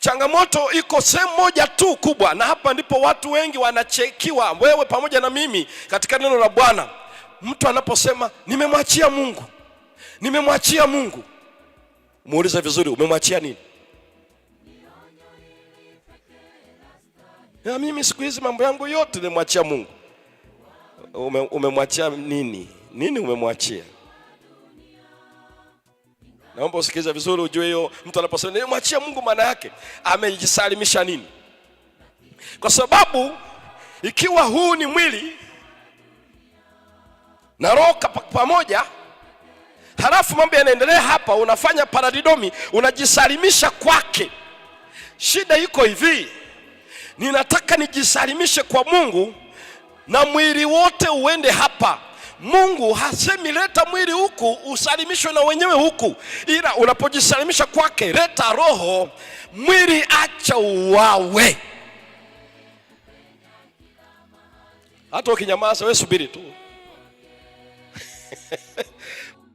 Changamoto iko sehemu moja tu kubwa, na hapa ndipo watu wengi wanachekiwa, wewe pamoja na mimi, katika neno la Bwana. Mtu anaposema nimemwachia Mungu, nimemwachia Mungu, muulize vizuri, umemwachia nini? Ya, mimi siku hizi mambo yangu yote nimemwachia Mungu. Ume, umemwachia nini? Nini umemwachia? Naomba usikilize vizuri, ujue hiyo mtu anaposema nimwachia Mungu, maana yake amejisalimisha nini? Kwa sababu ikiwa huu ni mwili na roho pamoja, halafu mambo yanaendelea hapa, unafanya paradidomi, unajisalimisha kwake. Shida iko hivi, ninataka nijisalimishe kwa Mungu na mwili wote uende hapa Mungu hasemi leta mwili huku usalimishwe na wenyewe huku, ila unapojisalimisha kwake, leta roho, mwili acha uwawe. Hata ukinyamaza, we subiri tu